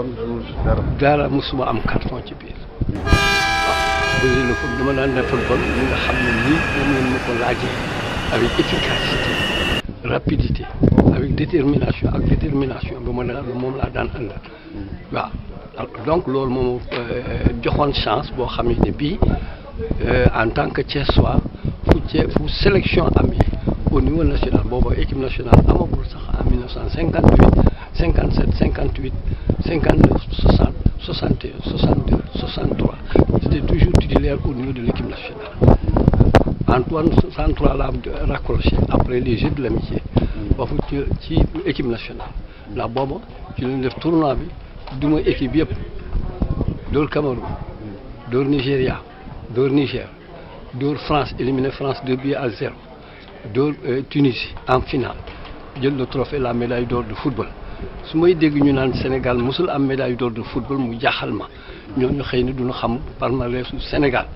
yoon danul si dara. dara mosuma am carton ci biir. bëri na daan defal bon nga xam ne nii moom ngeen laajee avec efficacité rapidité avec détermination ak détermination ba ma daan moom laa daan ànd donc loolu moom euh, joxoon chance boo xam ne bii euh, en tant que Thiessois fu Thiès fu sélection amee au niveau national boobu équipe nationale amagul sax en 57 58 59 60 61 62 63 j'étais toujours titulaire au niveau de l'équipe nationale Antoine 63 l'a raccroché après les Jeux de l'amitié foofu ci ci équipe nationale ndax booba ci lañu def tournoi bi duma équipe yëpp dóor Cameroun dóor Nigéria dóor Niger dóor France éliminé France deux buts à zéro dóor euh, Tunisie en finale jël le trophée la médaille d'or de football su may dégg ñu naan Sénégal mosul am médaille d'or de football mu jaaxal ma ñoo ñu xëy na duñu xam palmarèsu Sénégal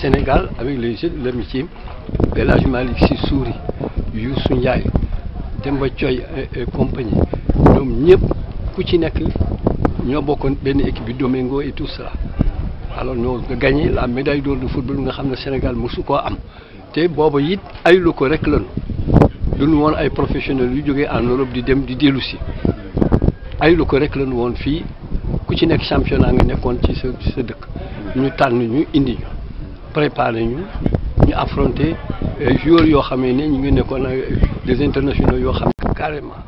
Sénégal avec les jeunes l'amitié El Hadj Malick Sy Souris Youssou Ndiaye Demba Thioy et compagnie ñëpp ku ci nekk ñoo bokkoon benn équipe bi Domingo et tout cela alors ñoo nga gagné la médaille d'or football nga xam ne Sénégal mosu koo am te booba it ay ko rek lañu duñu woon ay professionnels yu jógee en Europe di dem di dellu si ay lu ko rek lanu woon fii ku ci nekk championnat ngi nekkoon ci sa sa dëkk ñu tànn ñu indi ñu préparé ñu ñu affronté euh, joueurs yoo xamee ne ñu ngi nekkoon des internationaux yoo xam ne carrément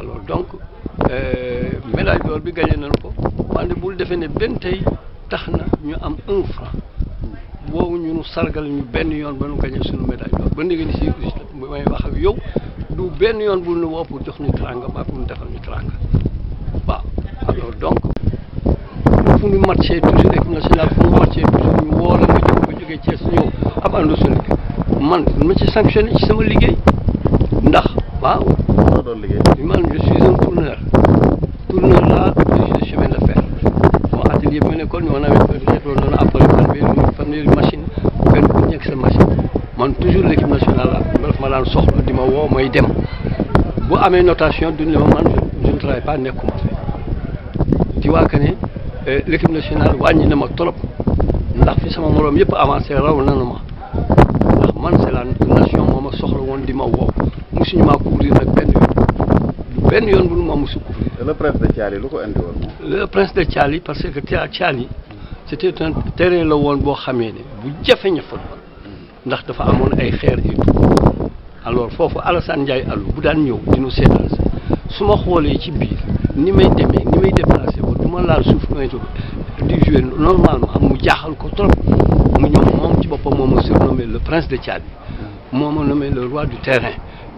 alors donc euh, médaille d'or bi gagné nañ ko wante bul defee ne benn tey tax na ñu am un franc boobu ñu sargal ñu benn yoon ba ñu gagné suñu médaille d'or ba léegi si may wax ak yow du benn yoon bu nu woo pour jox ñu tranga ba pour ñu defal ñu tranga ou pas alors donc fu ñu matché toujours équipe nationale fu ñu matché toujours ñu woo la nga jóg nga jógee Thiès ñëw ab àndo sa man ma ci sanctionné ci sama liggéey ndax waaw man je suis un tourneur tourneur là de chemin de fer bon ñu on avait nekkoon noonu appareil fanweeri machine man toujours l'équipe nationale la ma daf ma daan soxla di ma woo may dem bu amee notation duñ ma man travaille pas nekkuma fi di waa que ne euh, l'équipe nationale wàññi na ma trop ndax fi sama moroom yëpp avancé raw na nanu ma ndax man c'est nation moo ma soxla woon di ma woo mosuñu maa yoon benn ma mosu couvrir. le prince de Thiali lu ko indi woon. le prince de Thiali parce que Thiali c'était un terrain la woon boo xamee ne bu jafe ñëfal ndax dafa amoon ay xeer yi alors foofu Alassane Ndiaye Alou bu daan ñëw dinu seetaan su ma xoolee ci biir ni may demee ni may déplacé wu du laal suuf un jour di joué normalement mu jaaxal ko trop mu ñëw moom ci boppam moom ma surnommé le prince de Thiali moo ma nommé le roi du terrain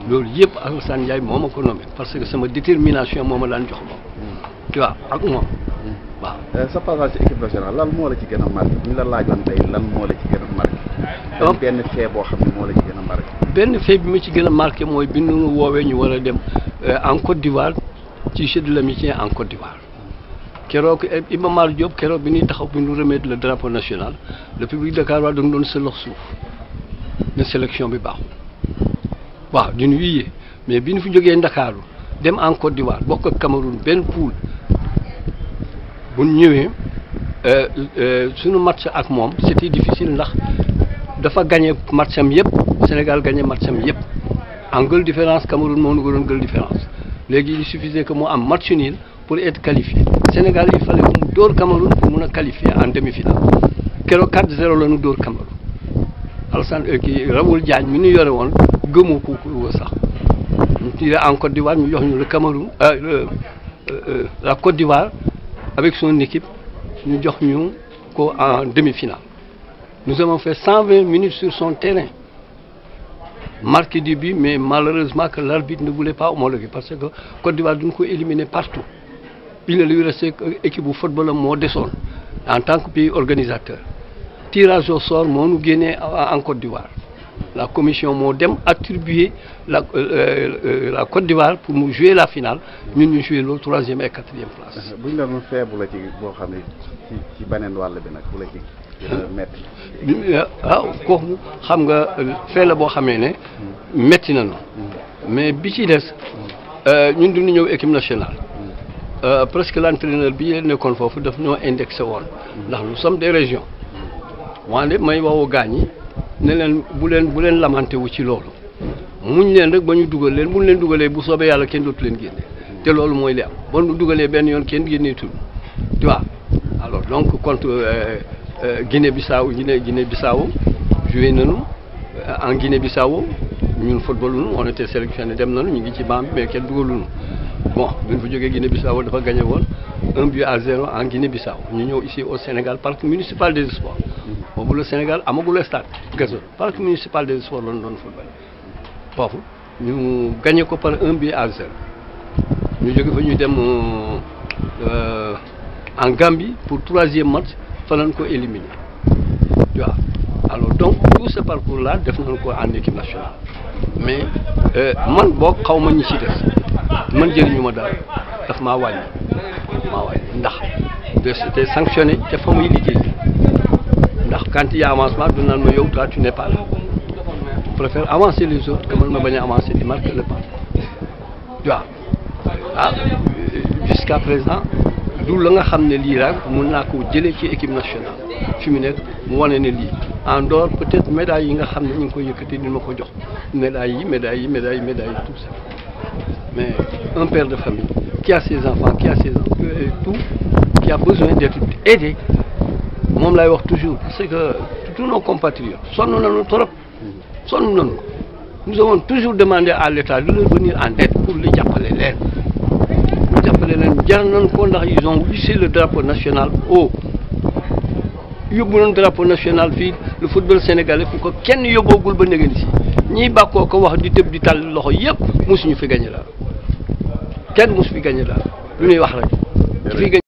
loolu yëpp Alassane Ndiaye moo ma ko nommé parce que sama détermination moo ma daan jox moom. ak moom. waaw euh, sa passage ci équipe nationale lan moo la ci gën a marqué bu ñu la laajoon tey lan moo la oh. benn fee boo xam ne moo la ci gën a marqué. benn fait bi ma ci gën a marqué mooy bi ñu woowee ñu war a dem euh, en Côte d'Ivoire ci Jeux de l'amitié en Côte d'Ivoire keroog Iba Mar Diop keroog bi ñuy taxaw bi ñu remettre le drapeau national le public dakarois dañu doon sëlox suuf ne sélection bi baaxul waaw du ñu wiyee mais bi ñu fi jógee Ndakaaru dem en Côte d'Ivoire bokk ak Cameroun benn poule bu ñëwee euh, euh, suñu match ak moom c'était difficil ndax dafa gagné match am yëpp. Sénégal gagné match am yëpp en goal différence Cameroun moo ñu ko doon goal différence léegi il suffisait que mu am match nul pour être qualifié Sénégal il fallait que mu dóor Cameroun pour mun a qualifier en demi-finale keroog 4-0 la ñu dóor Cameroun Alassane euh, kii Raoul Diagne mi ñu yore woon gëmoo ko sax ñu tiré en Côte d'Ivoire ñu jox ñu le Cameroun euh, euh, la Côte d'Ivoire avec son équipe ñu jox ñu ko en demi-finale nous avons fait minutes marqué du bi mais malheureusement que l'arbitre ne voulait pas homologuer parce que Côte d'Ivoire duñ ko éliminé partout il ne lui restait équipe bu football moo desoon en tant que pays organisateur tirage au sort moo nu génnee en Côte d'Ivoire la commission moo dem attribuer la euh, euh, euh, la Côte d'Ivoire pour mu jouer la finale ñun ñu jouer loolu troisième et quatrième place. bu ñu la doon feebu la boo xam ne ci ci beneen wàll bu la ci. Hmm. metti ah, xam nga fee la boo xamee ne hmm. metti nañu hmm. mais bi ci des ñun du ñu ñëw équipe nationale presque l'entraîneur bi yéen nekkoon foofu daf ñoo indexé woon ndax nous sommes des régions wante may waxu gaañ ne leen bu leen bu leen lamante wu ci loolu muñ leen rek ba ñu dugal leen bu ñu leen dugalee bu soobee yàlla kenn dootu leen génne te loolu mooy li am ba ñu dugalee benn yoon kenn génneetul tu vois alors donc contre euh, euh, Guinée-Bissau Guinée Guinée-Bissau joué nanu euh, en Guinée-Bissau ñun football nu on était sélectionné dem nañu ñu ngi ci banc bi kenn dugaluñu bon bu ñu fa jógee guinée dafa gagné woon à zéro en Guinée-Bissau ñu ñëw ici au Sénégal parc municipal des sports boobu la Sénégal amagul stade gazon parc municipal des sports lañ doon foofu ñu gagné ko par un but à zéro ñu jóge fa ñu dem euh, en Gambie pour troisième match fa lañ ko éliminé waaw alors donc tout ce parcours là def nañ ko en équipe nationale mais euh, man boo xaw ma ñu ci des man jëriñu ma daal daf maa wàññi maa wàññi ndax de c'était sanctionné te fa muy liggéey. quand il a avancement du naan ma yow toi tu n'es pas là je préfère avancer les autres que man ma bañ a avancer di marquer le pas tu ah, jusqu'à présent du la nga xam ne lii rek mun naa ko jëlee ci équipe nationale fi mu nekk mu wane ne lii en dehors peut-être médailles yi nga xam ne ñu ngi koy yëkkati dina ko jox médailles yi médailles yi tout ça mais un père de famille qui a ses enfants qui a ses enfants tout qui a besoin d'être aidé moom laay wax toujours parce que tous nos compatriotes sonn nañu trop sonn nañu ko nous avons toujours demandé à l'État de leur venir en aide pour li jàppale leen ñu jàppale leen jar ko ndax ils ont le drapeau national haut yóbbu nañu drapeau national fii le football sénégalais pour que kenn yóbboogul ba negeen si ñiy bàkkoo ko wax di tëb di tàll loxo yëpp mosuñu fi gagné daal kenn mosu fi gagné daal lu ñuy wax rek.